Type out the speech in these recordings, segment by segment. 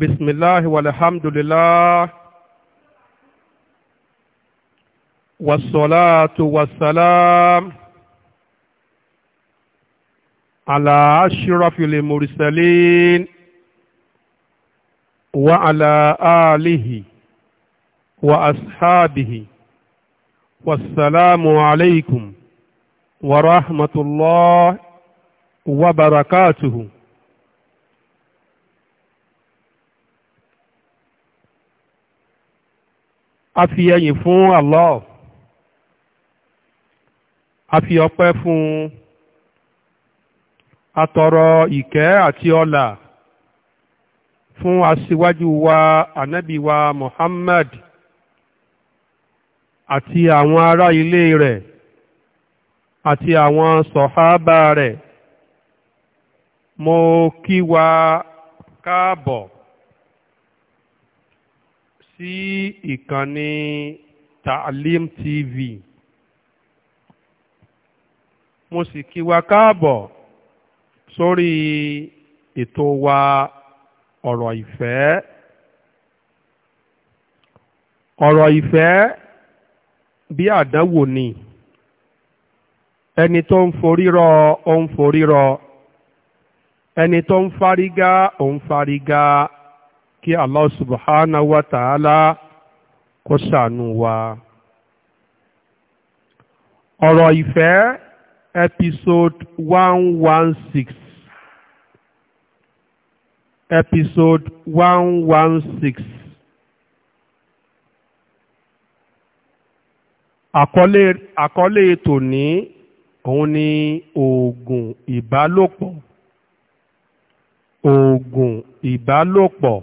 بسم الله والحمد لله والصلاة والسلام على أشرف المرسلين وعلى آله وأصحابه والسلام عليكم ورحمة الله وبركاته a fi ẹyìn fún Allah a fi ọpẹ́ fún atọrọ ìkẹ́ àti ọlà fún aṣíwájú wa ànábì wa Muhammad àti àwọn ará ilé rẹ̀ àti àwọn sọ̀hábà rẹ̀ mo kí wa káàbọ̀ sí ìkànnì talim TV mo sì kí wa káàbọ̀ sórí ètò wa ọ̀rọ̀ ìfẹ́ ọ̀rọ̀ ìfẹ́ bí àdánwò ni ẹni tó ń forírọ ó ń forírọ ẹni tó ń farigá ó ń farigá kí Allah subhanahu wa ta'ala kó ṣàánú wa. ọ̀rọ̀ ìfẹ́ episode one one six episode one one six. àkọlé àkọlé tòní òun ni oògùn ìbálòpọ̀ oògùn ìbálòpọ̀.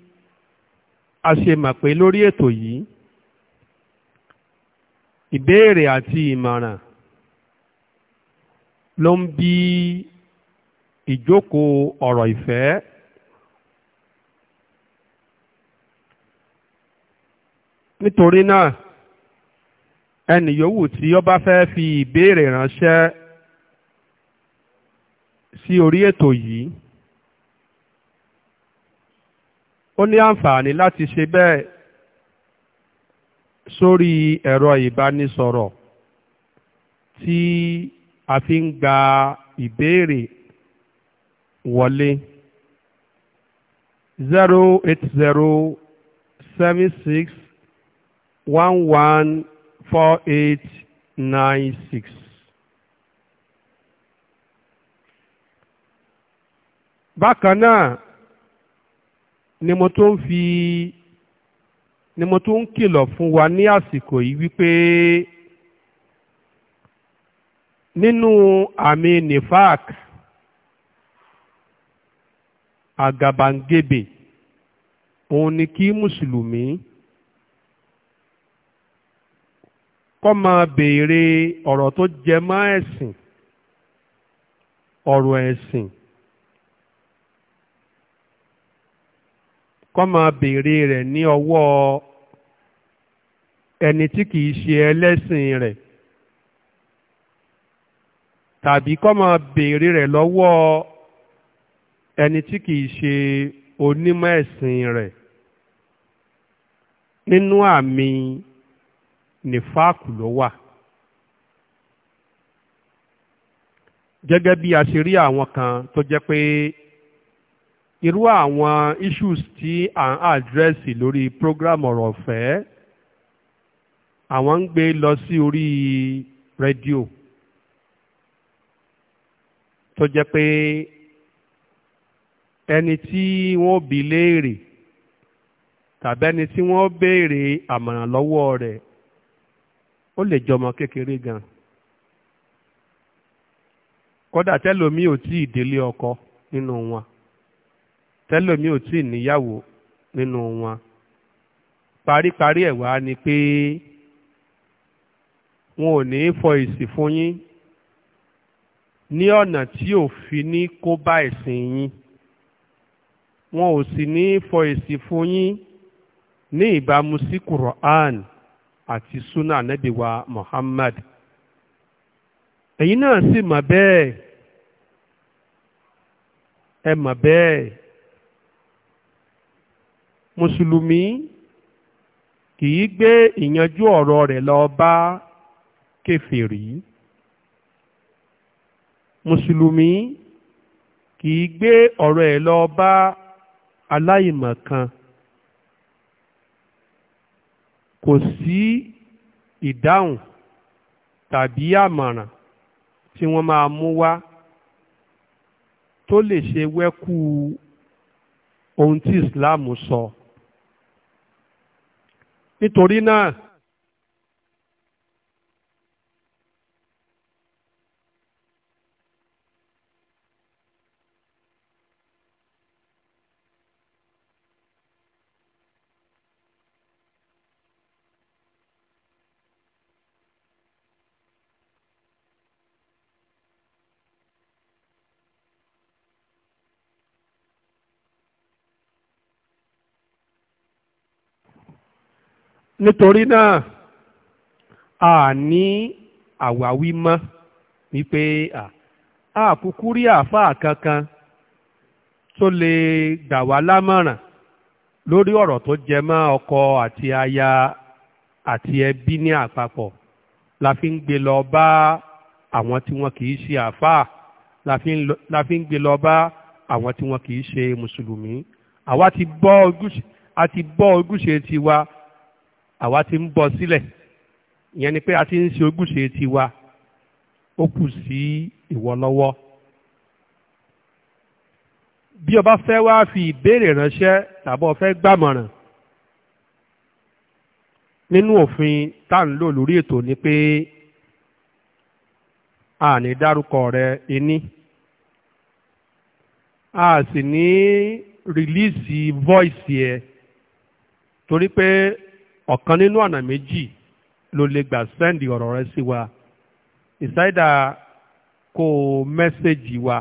a ṣe mọ̀ pé lórí ètò yìí ìbéèrè àti ìmọ̀ràn ló ń bí ìjókòó ọ̀rọ̀ ìfẹ́ nítorí náà ẹnì yòówù tí ó bá fẹ́ fi ìbéèrè ránṣẹ́ sí orí ètò yìí ó ní àǹfààní láti ṣe bẹ́ẹ̀ sórí ẹ̀rọ ìbánisọ̀rọ̀ tí a fi ń gba ìbéèrè wọlé zero eight zero seven six one one four eight nine six. bákan náà ni mo tó ń fi ni mo tó ń kìlọ̀ fún wa ní àsìkò yìí wípé nínú àmì nifak àgàbàǹgebè òun ni kí mùsùlùmí kọ́ máa béèrè ọ̀rọ̀ tó jẹ mọ́ ẹ̀sìn ọ̀rọ̀ ẹ̀sìn kọ́ máa béèrè rẹ̀ ní ọwọ́ ẹni tí kìí ṣe ẹlẹ́sìn rẹ̀ tàbí kọ́ máa béèrè rẹ̀ lọ́wọ́ ẹni tí kìí ṣe onímọ̀ ẹ̀sìn rẹ̀ nínú àmì nífàkù ló wà gẹ́gẹ́ bí a ṣe rí àwọn kan tó jẹ́ pé irú àwọn issues tí à ń àdírẹ́sì lórí program ọ̀rọ̀ ọ̀fẹ́ àwọn ń gbé lọ sí orí rédíò tó jẹ́ pé ẹni tí wọ́n bi léèrè tàbí ẹni tí wọ́n béèrè àmọ̀ràn lọ́wọ́ rẹ̀ ó lè jọmọ kékeré gan kódà tẹ́lòmí ò tí ì délé ọkọ nínú wọn tẹ́lòmí ò tí ì níyàwó nínú wọn paríparí ẹ̀ wá ni pé wọn ò ní fọ èsì fún yín ní ọ̀nà tí ò fi ní kó bá ẹ̀sìn yín wọn ò sì ní fọ èsì fún yín ní ìbámu sí Quran àti sunna anabiwa Muhammad ẹ̀yin náà sì mọ̀ bẹ́ẹ̀ ẹ mọ̀ bẹ́ẹ̀ mùsùlùmí kì í gbé ìyanjú ọ̀rọ̀ rẹ̀ lọ bá kèfèrí mùsùlùmí kì í gbé ọ̀rọ̀ ẹ̀ lọ bá aláìmọ̀kan kò sí ìdáhùn tàbí àmọ̀ràn tí wọ́n máa mú wá tó lè ṣe wẹ́kú ohun tí Islam sọ. So nítorí náà nítorí náà a ní àwáwí mọ́ wípé a kúkú rí àáfàá kankan tó lè gbà wá lámọ̀ràn lórí ọ̀rọ̀ tó jẹ mọ́ ọkọ àti aya àti ẹbí ní àpapọ̀ la fi ń gbé lọ bá àwọn tí wọn kì í ṣe àáfàá la fi ń gbé lọ bá àwọn tí wọn kì í ṣe mùsùlùmí àwa ti bọ́ ojúṣe tiwa àwa ti ń bọ́ sílẹ̀ ìyẹn ni pé a ti ń ṣe ojúṣe tiwa ó kù sí ìwọ lọ́wọ́. bí o bá fẹ́ wá fi ìbéèrè ránṣẹ́ tàbí o fẹ́ gbàmọ̀ràn nínú òfin tá à ń lò lórí ètò ni pé a ní dárúkọ rẹ ení a sì ní rìlíìsì voice yẹ torí pé ọ̀kan nínú ọ̀nà méjì ló lè gbà sẹ́ndì ọ̀rọ̀ rẹ sí wa ìsáìdà kó o mẹ́sẹ̀gì wa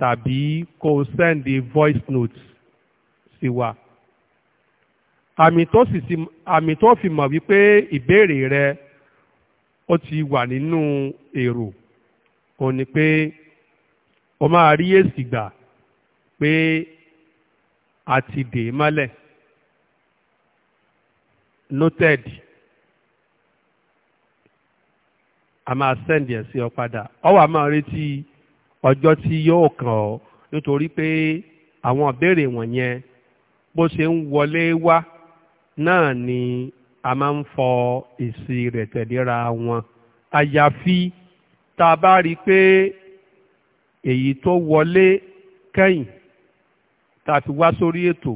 tàbí kó o sẹ́ndì voice note sí wa àmì tó sì si, àmì tó fi mọ̀ wípé ìbéèrè rẹ ó ti wà nínú èrò ó ní pé o máa rí èsì gbà pé a ti dè é mọ́lẹ̀ noted a máa send yẹn sí ọ padà ọ wà máa retí ọjọ́ tí yóò kàn ọ́ nítorí pé àwọn ìbéèrè wọ̀nyẹn bó ṣe ń wọlé wá náà ni a máa ń fọ èsì rẹ̀ tẹ̀léra wọn àyàfi tá a bá rí i pé èyí tó wọlé kẹ́yìn tá a fi wá sórí ètò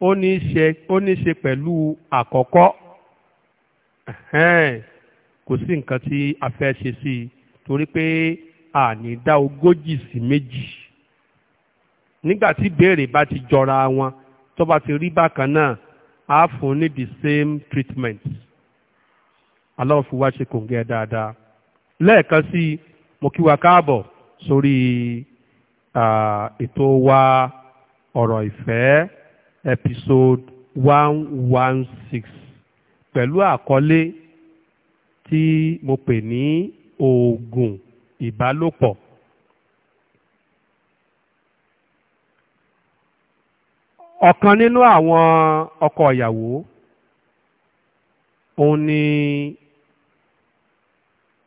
ó ní ṣe ó ní ṣe pẹ̀lú àkọ́kọ́ kò sí nǹkan tí a fẹ́ ṣe sí i torí pé a ní dá ogójì sí méjì nígbà tí béèrè bá ti jọra wọn tó bá ti rí bákan náà a fún ní the same treatment aláwọ̀ fi wá ṣe kòǹgẹ́ dáadáa lẹ́ẹ̀kan sí i mo kí wa káàbọ̀ sórí ètò wa ọ̀rọ̀ ìfẹ́ episode one one six pẹ̀lú àkọlé tí mo pè ní oògùn ìbálòpọ̀. ọ̀kan nínú àwọn ọkọ ìyàwó òun ni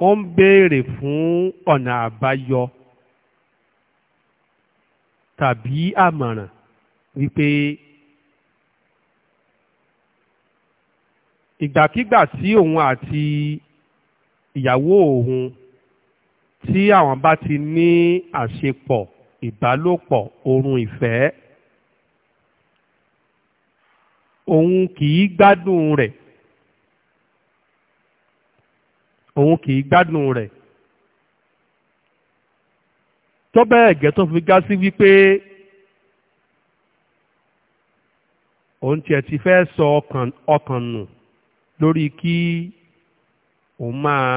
ó ń béèrè fún ọ̀nà àbáyọ tàbí àmọ̀ràn wípé ìgbàkígbà tí òun àti ìyàwó òun tí àwọn bá ti ní àṣepọ̀ ìbálòpọ̀ oorun ìfẹ́ òun kì í gbádùn rẹ̀ òun kì í gbádùn rẹ̀ tó bẹ́ẹ̀ gẹ́ tó fi gá sí wípé òun tiẹ̀ ti fẹ́ sọ ọkàn nù lórí kí òun máa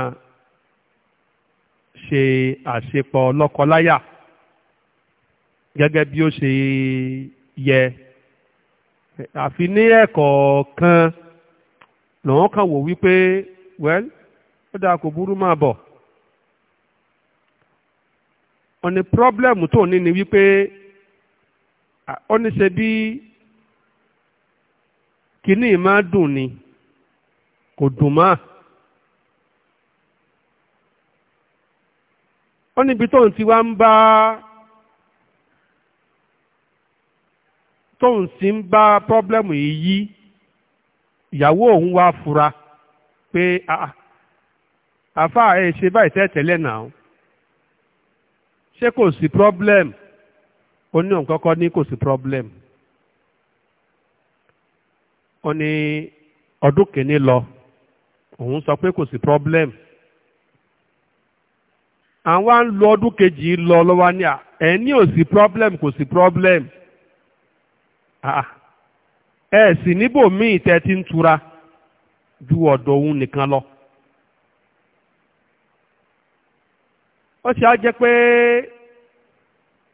ṣe àṣepọ̀ lọ́kọláya gẹ́gẹ́ bí ó ṣe yẹ àfi ní ẹ̀kọ̀ọ̀kan lòun kàn wò wípé well ó dáa kò burú máa bọ̀ ó ní pírọ́blẹ́mù tó ní ni wípé ó ní ṣe bí kinní máa dùn ni kò dùn mọ́. ó níbi tóun ti wá ń bá tóun sì ń bá pọ́blẹ́mù yìí yí ìyàwó òun wá fura pé àfáà ẹ ṣe báyìí tẹ́tẹ́lẹ̀ náà ṣé kò sí pọ́blẹ́mù ó ní òun kọ́kọ́ ní kò sí pọ́blẹ́mù ó ní ọdún kìíní lọ òun sọ pé kò sí problem àwọn à ń lo ọdún kejì lọ lọ́wọ́ ní à ẹ̀ ní ò sí problem kò sí problem ah, ah. ẹ sì níbò míì tẹ́ ti ń tura ju ọ̀dọ̀ òun nìkan lọ. ó ṣe á jẹ́ pé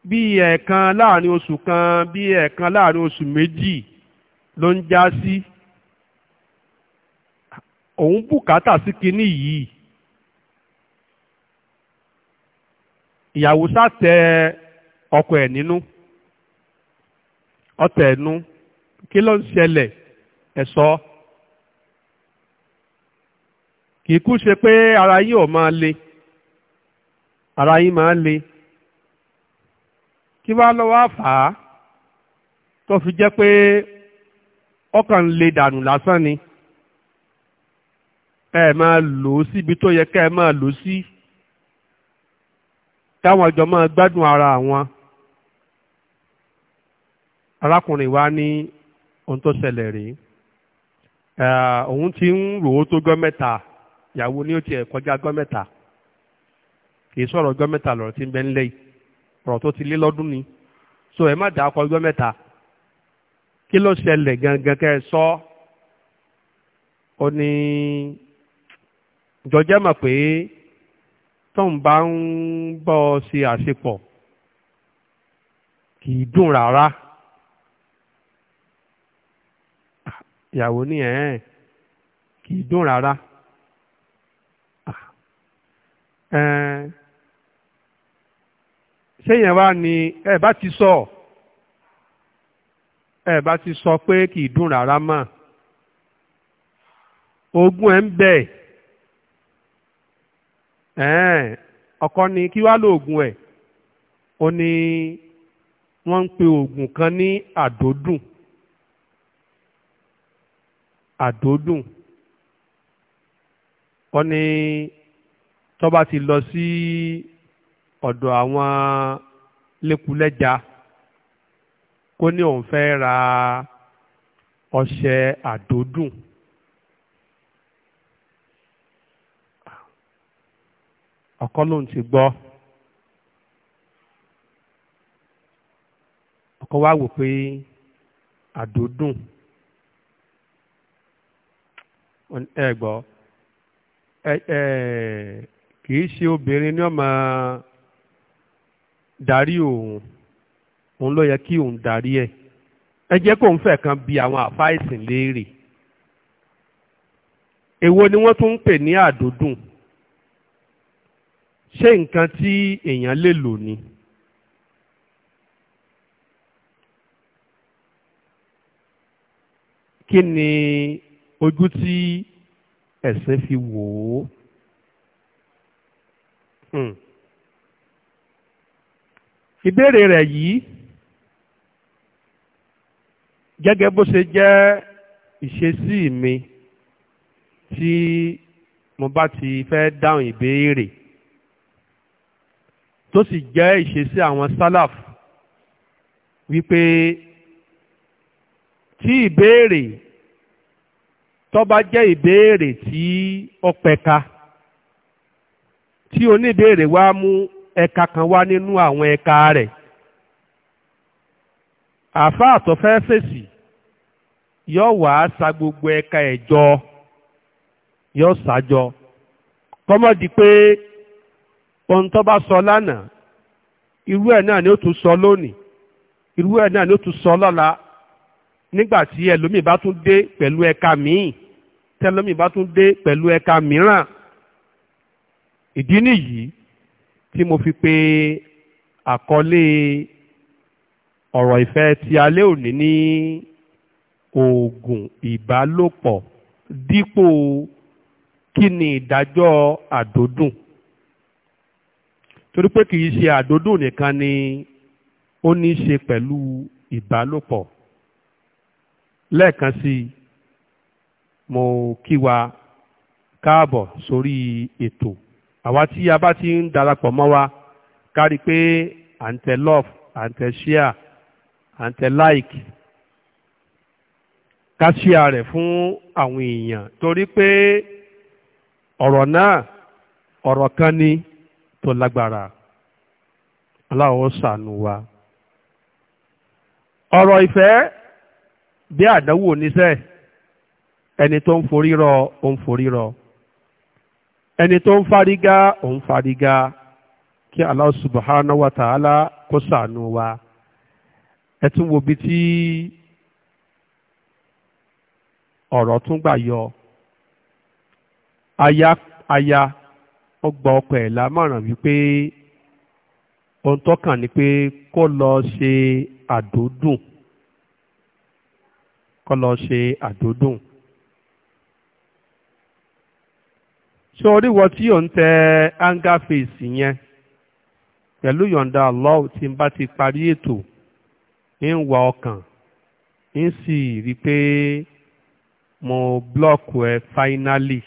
bí ẹ̀ẹ̀kan láàrin oṣù kan bí ẹ̀ẹ̀kan láàrin oṣù méjì ló ń já sí. Si òun bùkátà sí kinní yìí ìyàwó sátẹ ọkọ ẹ̀ nínú ọtẹ ẹnu kí ló ń ṣẹlẹ̀ ẹsọ kì í kú ṣe pé ara yín ò máa le ara yín máa le kí wá lọ́wọ́ àfà tó fi jẹ́ pé ọkàn ń le dànù lásán ni. ẹ máa lò ó síbi tó yẹ ká ẹ máa lò ó sí táwọn ọjọ́ ara wọn arákùnrin wa ní ohun tó ṣẹlẹ̀ rí òun ti ń rò ó tó gọ́ mẹ́ta ìyàwó ni ó tiẹ̀ kọjá gọ́ mẹ́ta kì í sọ̀rọ̀ gọ́ mẹ́ta tí ti lé ni so ẹ má dà kọ kí gangan ẹ sọ jọjẹ́ mọ̀ pé tóun bá ń bọ́ ọ ṣe àṣepọ̀ kì í dùn rárá ìyàwó ni ẹ̀ kì í dùn rárá ṣéyàn wá ni ẹ bá ti sọ ẹ bá ti sọ pé kì í dùn rárá mọ́ ogún ẹ̀ ń bẹ̀ẹ́ ọkọ ni kí wá lóògùn ẹ̀ ó ní wọ́n ń pe oògùn kan ní àdódùn àdódùn ó ní tó ti lọ sí ọ̀dọ̀ àwọn lékulẹ́ja kó ní òun fẹ́ ra ọṣẹ àdódùn. ọkọ lòun ti gbọ́ ọkọ wá wò pé àdódùn ẹ gbọ́ ẹ ẹ kì í ṣe obìnrin ní ọmọ darí òun òun ló yẹ kí òun darí ẹ ẹ jẹ́ kóun fẹ́ kan bi àwọn àfáìsìn léèrè èwo ni wọ́n tún ń pè ní àdódùn ṣé nǹkan tí èèyàn lè lò ni. kí ni ojú tí ẹ̀sìn fi wò ó. Hmm. ìbéèrè rẹ̀ yìí gẹ́gẹ́ bó ṣe jẹ́ ìṣesí mi tí mo bá ti fẹ́ dáhùn ìbéèrè tó sì jẹ́ ìṣesí àwọn sálàf wípé tí ìbéèrè tó bá jẹ́ ìbéèrè tí ó pẹ̀ka tí oníbéèrè wá mú ẹ̀ka kan wá nínú àwọn ẹ̀ka rẹ̀ àáfàá tó fẹ́ fèsì yóò sa gbogbo ẹ̀ka ẹ̀jọ yóò sàjọ kọ́mọ́ pé ohun tó bá sọ lánàá irú ẹ̀ náà ni ó tún sọ lónìí irú ẹ̀ náà ni ó tún sọ lọ́la nígbà tí ẹlòmíì bá tún dé pẹ̀lú ẹ̀ka míì tẹlòmíì bá tún dé pẹ̀lú ẹ̀ka mìíràn ìdí nìyí tí mo fi pe àkọlé ọ̀rọ̀ ìfẹ́ ti alẹ́ òní ní oògùn ìbálòpọ̀ dípò kí ni ìdájọ́ àdódùn torí pé kì í ṣe àdódò nìkan ni ó ní í ṣe pẹ̀lú ìbálòpọ̀ lẹ́ẹ̀kan sí i mo kí wa káàbọ̀ sórí ètò àwa tí a bá ti ń darapọ̀ mọ́ wa kárí pé à ń tẹ love à ń tẹ share à ń tẹ like ká share rẹ̀ fún àwọn èèyàn torí pé ọ̀rọ̀ náà ọ̀rọ̀ kan ni. tó lágbára Allah ó wa. ọ̀rọ̀ ìfẹ́ bí àdánwò níṣẹ́ ẹni tó ń forírọ ó ń forírọ ẹni tó ń farigá ó ń farigá kí Allah subhanahu wa ta'ala kó ṣàánú wa ẹ tún wo bí tí ọ̀rọ̀ tún gbà yọ aya aya ó gba ọkọ ẹ̀ lámọ̀ràn wípé ohun tó kàn ni pé kó lọ ṣe àdódùn kó lọ ṣe àdódùn. ṣé oríwọ tí ò ń tẹ anger face yẹn pẹ̀lú yọ̀ǹda Allah tí n bá ti parí ètò ń wà ọkàn ń sì rí i pé mo blọ́ọ̀kù ẹ finally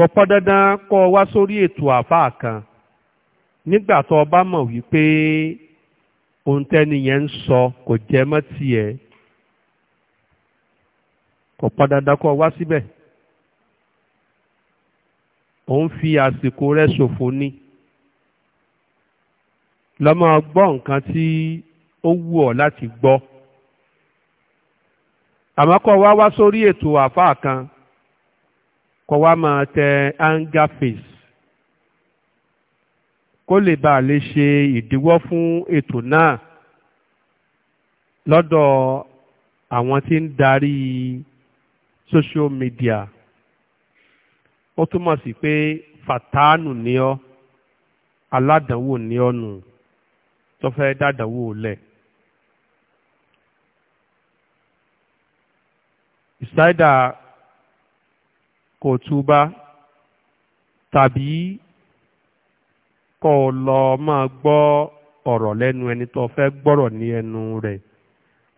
kò pọ́ dandan kọ́ ọ wá sórí ètò àfáà kan nígbà tó o bá mọ̀ wípé ohun tẹ́ni yẹn ń sọ kò jẹ mọ́ tiẹ̀ kò pọ́ dandan kọ́ wá síbẹ̀ ò ń fi àsìkò rẹ ṣòfò ni lọ́mọ gbọ́ nǹkan tí ó wù ọ́ láti gbọ́ àmọ́ kọ́ wá wá sórí ètò àfáà kan kó wá máa tẹ anger face kó lè bàa lè ṣe ìdíwọ́ fún ètò náà lọ́dọ̀ àwọn tí ń darí social media ó túmọ̀ sí pé fàtánù ni ọ́ aládàáwò ni ọ́ nù tó fẹ́ dàdàáwò lẹ̀. ìsáídà kó túbá tàbí kó lọ máa gbọ́ ọ̀rọ̀ lẹ́nu ẹni tó fẹ́ gbọ́rọ̀ ní ẹnu rẹ̀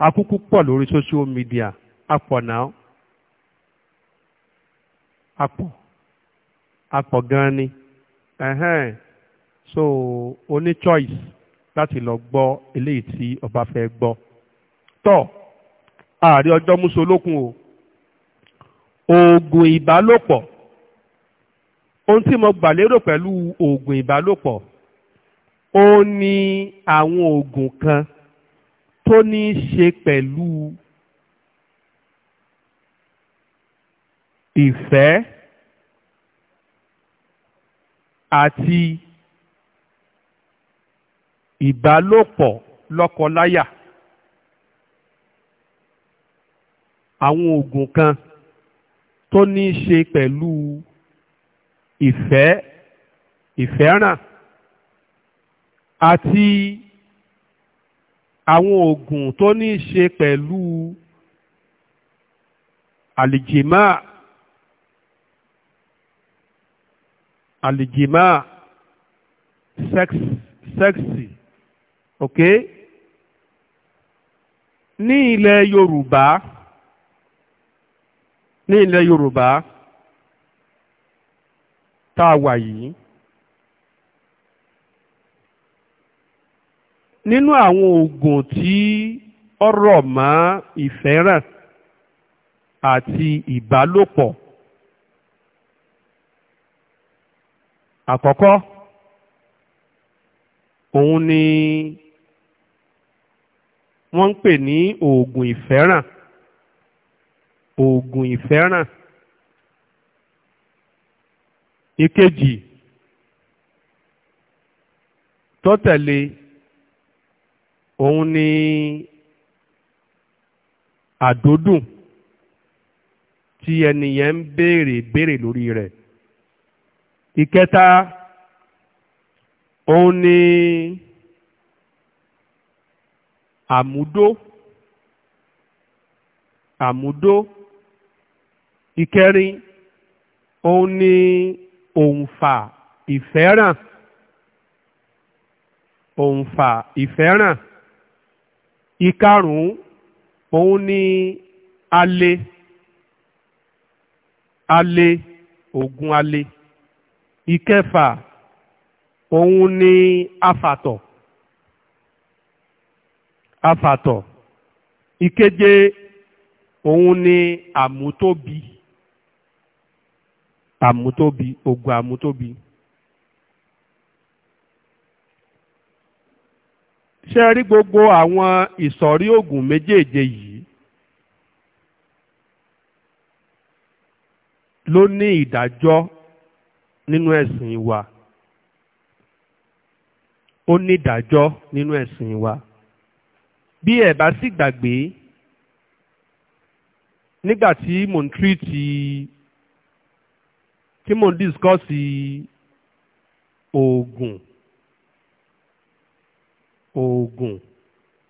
akúkú pọ̀ lórí social media apọ̀ náà apọ̀ apọ̀ gan ni ẹ̀hẹ́n so o ní choice láti lọ gbọ́ eléyìí tí o bá fẹ́ gbọ́ tọ́ ààrẹ ọjọ́ mú so oògùn ìbálòpọ̀ ohun tí mo gbà lérò pẹ̀lú oògùn ìbálòpọ̀ ó ní àwọn oògùn kan tó ní í ṣe pẹ̀lú ìfẹ́ àti ìbálòpọ̀ lọ́kọláya àwọn oògùn kan tó ní í ṣe pẹ̀lú ìfẹ́ ìfẹ́ràn àti àwọn oògùn tó ní í ṣe pẹ̀lú àlìjìmá àlìjìmá sex sexy ok ní ilẹ̀ Yorùbá ní ilẹ̀ Yorùbá tá a wà yìí nínú àwọn oògùn tí ọ̀rọ̀ mọ́ ìfẹ́ràn àti ìbálòpọ̀ àkọ́kọ́ òun ni wọ́n ń pè ní oògùn ìfẹ́ràn oògùn ìfẹ́ràn ìkejì tó tẹ̀lé òun ni àdódùn tí ẹnìyẹn ń béèrè béèrè lórí rẹ̀ ìkẹta òun ni àmúdó àmúdó ìkẹrin òun ni òǹfà ìfẹ́ràn òǹfà ìfẹ́ràn ìkarùn-ún òun ni alẹ́ alẹ́ ògùn alẹ́ ìkẹfà òun ni afàtọ̀ afàtọ̀ ìkeje òun ni àmútóbi àmútóbi ogun àmútóbi. ṣé rí gbogbo àwọn ìsọ̀rí ogun méjèèje yìí ló ní ìdájọ́ nínú ẹ̀sìn wa ó ní ìdájọ́ nínú ẹ̀sìn wa bí ẹ bá sì gbàgbé nígbà tí mò ń tírìtì tí mò ń discọ́sì oògùn oògùn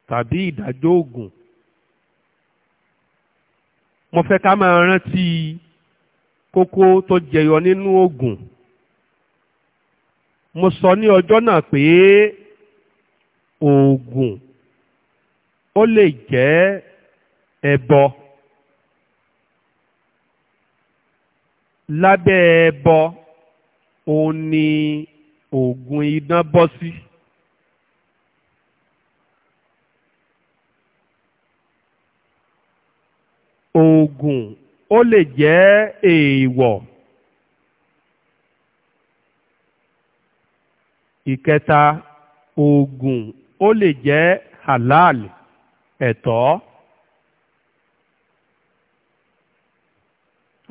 tàbí ìdájọ́ oògùn mo fẹ́ ká máa rántí kókó tó jẹyọ nínú oògùn mo sọ ní ọjọ́ náà pé oògùn ó lè jẹ́ ẹbọ. E lábẹ́ ẹbọ òun ni oògùn idán bọ́ sí. oògùn ó lè jẹ́ èèwọ̀. ìkẹta oògùn ó lè jẹ́ halal ẹ̀tọ́.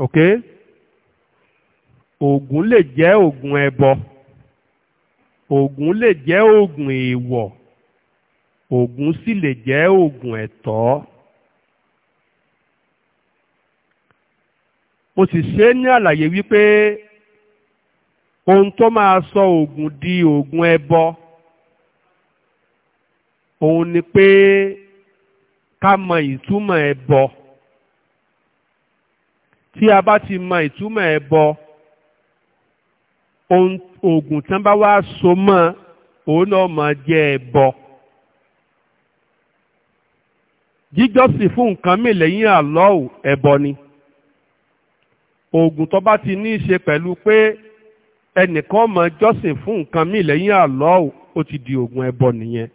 okay? ògùn lè jẹ́ ògùn ẹbọ ògùn lè jẹ́ ògùn èèwọ̀ ògùn sì lè jẹ́ ògùn ẹ̀tọ́. mo sì ṣe é ní àlàyé wípé ohun tó máa sọ ògùn di ògùn ẹbọ òun ni pé ká mọ ìtumọ̀ ẹbọ tí a bá ti mọ ìtumọ̀ ẹbọ. E oògùn tí wọ́n bá wá so mọ́ òun náà máa jẹ́ ẹbọ jíjọ́sìn fún nǹkan mi lẹ́yìn àlọ́ọ̀ ẹbọ ni oògùn tó bá ti ní í ṣe pẹ̀lú pé ẹnìkan máa jọ́sìn fún nǹkan mi lẹ́yìn àlọ́ọ̀ ó ti di oògùn ẹbọ nìyẹn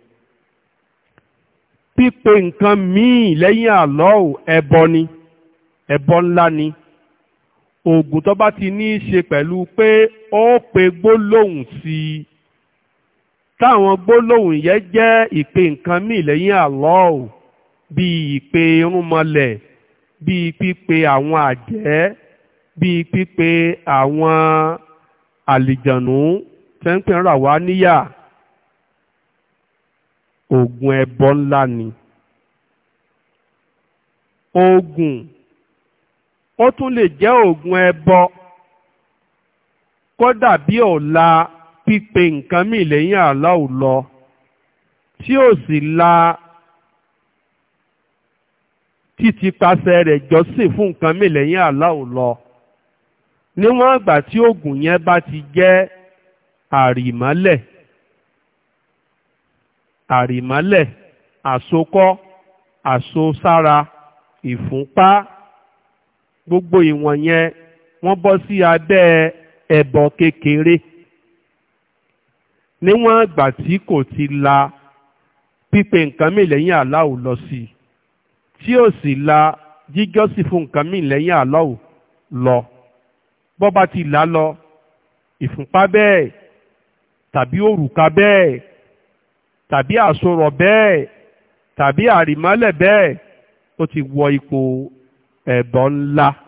pípe nǹkan míì lẹ́yìn àlọ́ọ̀ ẹbọ ni ẹbọ ńlá ni oògùn tó bá ti ní í ṣe pẹ̀lú pé ó pe gbólóhùn sí i táwọn gbólóhùn yẹn jẹ́ ìpè nǹkan míì lẹ́yìn Allah bíi ìpè irúnmọlẹ̀ bíi pípe àwọn àjẹ́ bíi pípe àwọn àlìjànú tẹ́ ń pè ń wá níyà oògùn ẹbọ ńlá ni oògùn ó tún lè jẹ́ oògùn ẹbọ kódà bí ọ̀la pípe nǹkan mì lẹ́yìn aláwù lọ tí ò sì la títí pasẹ̀ rẹ̀ jọ́sìn fún nǹkan mì lẹ́yìn aláwù lọ níwọ̀n àgbà tí oògùn yẹn bá ti jẹ́ àrìmọ́lẹ̀ àrìmọ́lẹ̀ àsokọ́ àsosára ìfúnpá gbogbo ìwọ̀n yẹn wọ́n bọ́ sí abẹ́ ẹbọ kékeré níwọ̀n àgbà tí kò ti la pípe nǹkan mì lẹ́yìn aláwò lọ sí i tí ò sì la jíjọ́sìn fún nǹkan mì lẹ́yìn aláwò lọ bọ́ bá ti là lọ ìfúnpá bẹ́ẹ̀ tàbí òrùka bẹ́ẹ̀ tàbí àsorọ̀ bẹ́ẹ̀ tàbí àrìmọ́lẹ̀ bẹ́ẹ̀ ó ti wọ ipò ẹbọ ńlá.